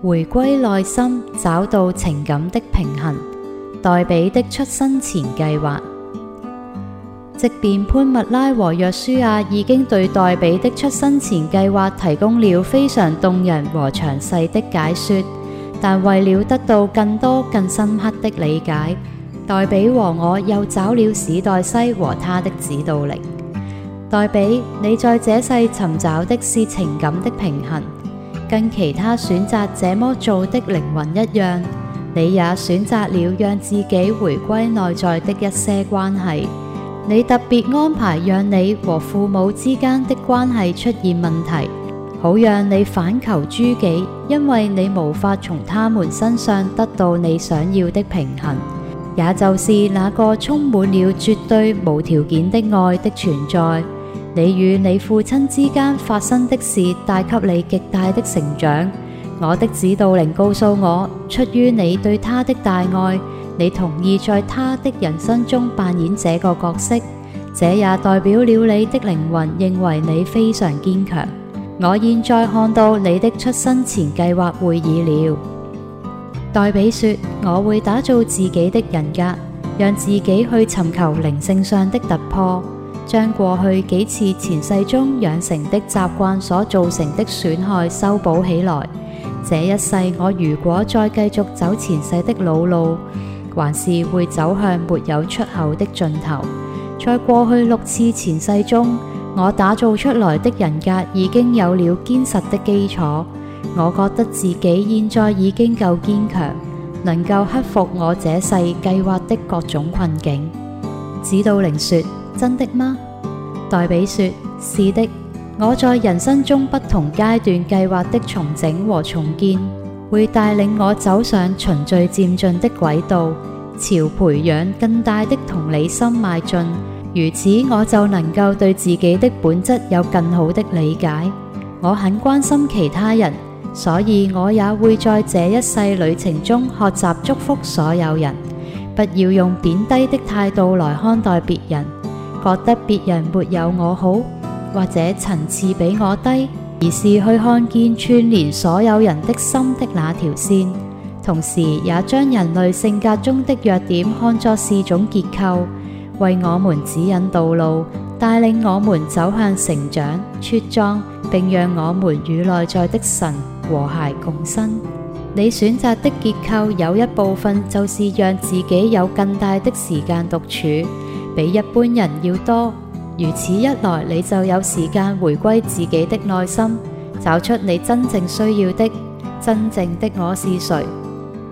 回歸內心，找到情感的平衡。黛比的出生前計劃，即便潘蜜拉和若舒亞已經對黛比的出生前計劃提供了非常動人和詳細的解說，但為了得到更多更深刻的理解，黛比和我又找了史黛西和他的指導靈。黛比，你在這世尋找的是情感的平衡。跟其他選擇這麼做的靈魂一樣，你也選擇了讓自己回歸內在的一些關係。你特別安排讓你和父母之間的關係出現問題，好讓你反求諸己，因為你無法從他們身上得到你想要的平衡，也就是那個充滿了絕對無條件的愛的存在。你與你父親之間發生的事帶給你極大的成長。我的指導靈告訴我，出於你對他的大愛，你同意在他的人生中扮演這個角色。這也代表了你的靈魂認為你非常堅強。我現在看到你的出生前計劃會議了。黛比說，我會打造自己的人格，讓自己去尋求靈性上的突破。將過去幾次前世中養成的習慣所造成的損害修補起來。這一世我如果再繼續走前世的老路，還是會走向沒有出口的盡頭。在過去六次前世中，我打造出來的人格已經有了堅實的基礎，我覺得自己現在已經夠堅強，能夠克服我這世計劃的各種困境。指導靈說。真的嗎？黛比說：是的，我在人生中不同階段計劃的重整和重建，會帶領我走上循序漸進的軌道，朝培養更大的同理心邁進。如此，我就能夠對自己的本質有更好的理解。我很關心其他人，所以我也會在這一世旅程中學習祝福所有人。不要用貶低的態度來看待別人。覺得別人沒有我好，或者層次比我低，而是去看見串聯所有人的心的那條線，同時也將人類性格中的弱點看作是種結構，為我們指引道路，帶領我們走向成長、茁壯，並讓我們與內在的神和諧共生。你選擇的結構有一部分就是讓自己有更大的時間獨處。比一般人要多，如此一來你就有時間回歸自己的內心，找出你真正需要的，真正的我是誰？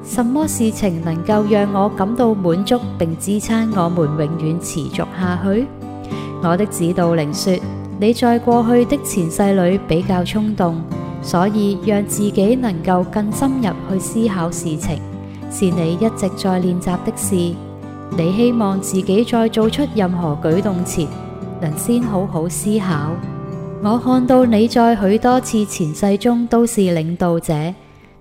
什麼事情能夠讓我感到滿足並支撐我們永遠持續下去？我的指導靈說：你在過去的前世裏比較衝動，所以讓自己能夠更深入去思考事情，是你一直在練習的事。你希望自己在做出任何舉動前，能先好好思考。我看到你在許多次前世中都是領導者，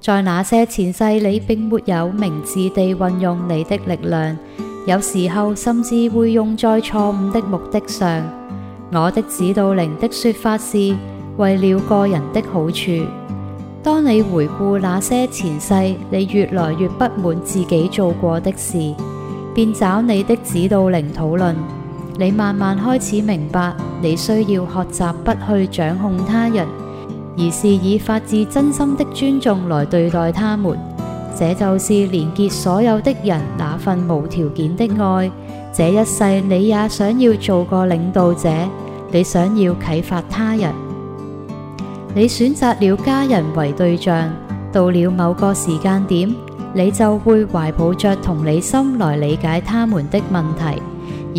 在那些前世你並沒有明智地運用你的力量，有時候甚至會用在錯誤的目的上。我的指導靈的說法是為了個人的好處。當你回顧那些前世，你越來越不滿自己做過的事。便找你的指導靈討論，你慢慢開始明白你需要學習不去掌控他人，而是以發自真心的尊重來對待他們。這就是連結所有的人那份無條件的愛。這一世你也想要做個領導者，你想要啟發他人。你選擇了家人為對象，到了某個時間點。你就會懷抱著同理心來理解他們的問題，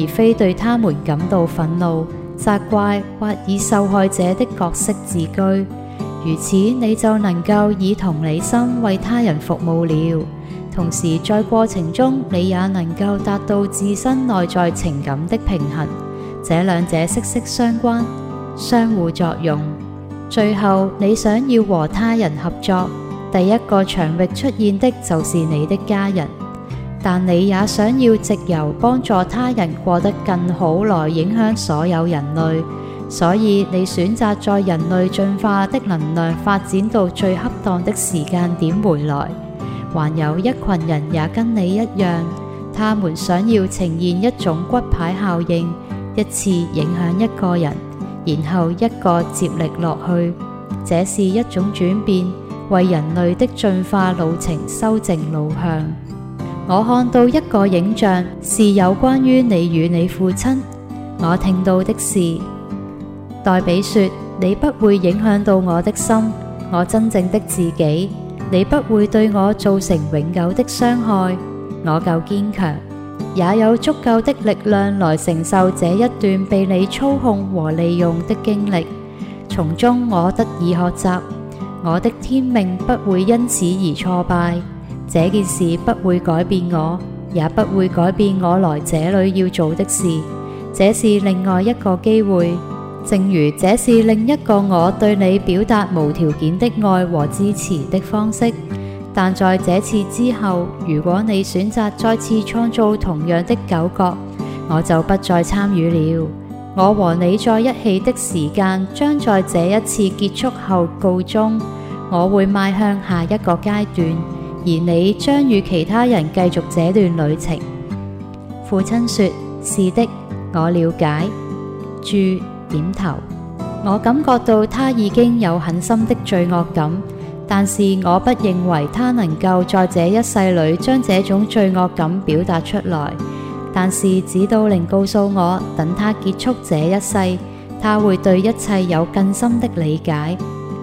而非對他們感到憤怒、責怪或以受害者的角色自居。如此，你就能夠以同理心為他人服務了。同時，在過程中，你也能夠達到自身內在情感的平衡。這兩者息息相關，相互作用。最後，你想要和他人合作。第一個場域出現的就是你的家人，但你也想要藉由幫助他人過得更好，來影響所有人類，所以你選擇在人類進化的能量發展到最恰當的時間點回來。還有一群人也跟你一樣，他們想要呈現一種骨牌效應，一次影響一個人，然後一個接力落去，這是一種轉變。為人類的進化路程修正路向。我看到一個影像，是有關於你與你父親。我聽到的是，代比說你不會影響到我的心，我真正的自己，你不會對我造成永久的傷害。我夠堅強，也有足夠的力量來承受這一段被你操控和利用的經歷，從中我得以學習。我的天命不會因此而挫敗，這件事不會改變我，也不會改變我來這裏要做的事。這是另外一個機會，正如這是另一個我對你表達無條件的愛和支持的方式。但在這次之後，如果你選擇再次創造同樣的糾葛，我就不再參與了。我和你在一起的時間將在這一次結束後告終。我會邁向下一個階段，而你將與其他人繼續這段旅程。父親說：是的，我了解。注點頭。我感覺到他已經有很深的罪惡感，但是我不認為他能夠在這一世裏將這種罪惡感表達出來。但是，指導靈告訴我，等他結束這一世，他會對一切有更深的理解，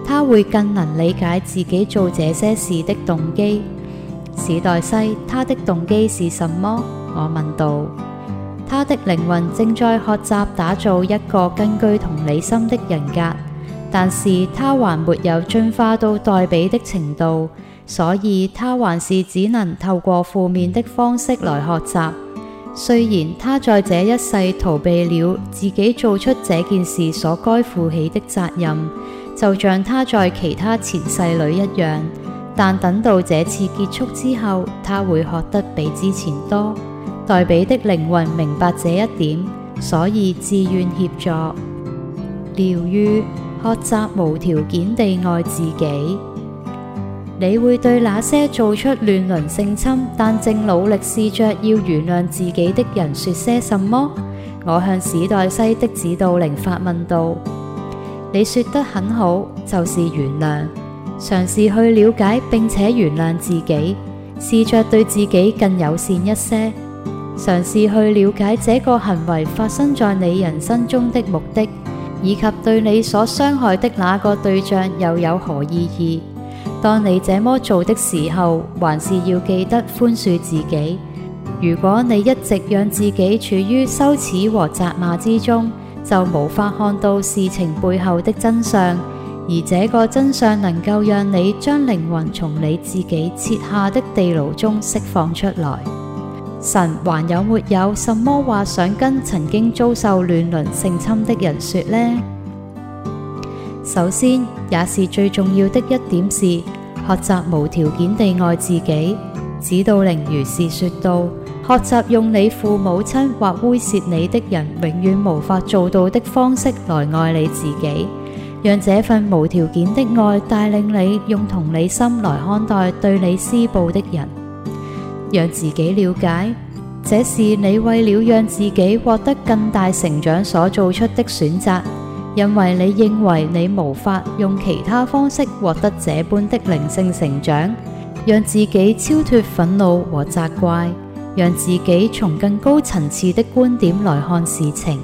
他會更能理解自己做這些事的動機。史黛西，他的動機是什麼？我問道。他的靈魂正在學習打造一個更具同理心的人格，但是他還沒有進化到黛比的程度，所以他還是只能透過負面的方式來學習。雖然他在這一世逃避了自己做出這件事所該負起的責任，就像他在其他前世裏一樣，但等到這次結束之後，他會學得比之前多。黛比的靈魂明白這一點，所以自願協助療癒，學習無條件地愛自己。你會對那些做出亂倫性侵但正努力試着要原諒自己的人說些什麼？我向史代西的指導靈發問道：你說得很好，就是原諒，嘗試去了解並且原諒自己，試着對自己更友善一些，嘗試去了解這個行為發生在你人生中的目的，以及對你所傷害的那個對象又有何意義？當你這麼做的時候，還是要記得寬恕自己。如果你一直讓自己處於羞恥和責罵之中，就無法看到事情背後的真相。而這個真相能夠讓你將靈魂從你自己設下的地牢中釋放出來。神還有沒有什麼話想跟曾經遭受亂倫性侵的人說呢？首先，也是最重要的一點是，學習無條件地愛自己。指導靈如是說道：學習用你父母親或威脅你的人永遠無法做到的方式來愛你自己，讓這份無條件的愛帶領你用同理心來看待對你施暴的人，讓自己了解，這是你為了讓自己獲得更大成長所做出的選擇。.因為你認為你無法用其他方式獲得這般的靈性成長，讓自己超脫憤怒和責怪，讓自己從更高層次的觀點來看事情。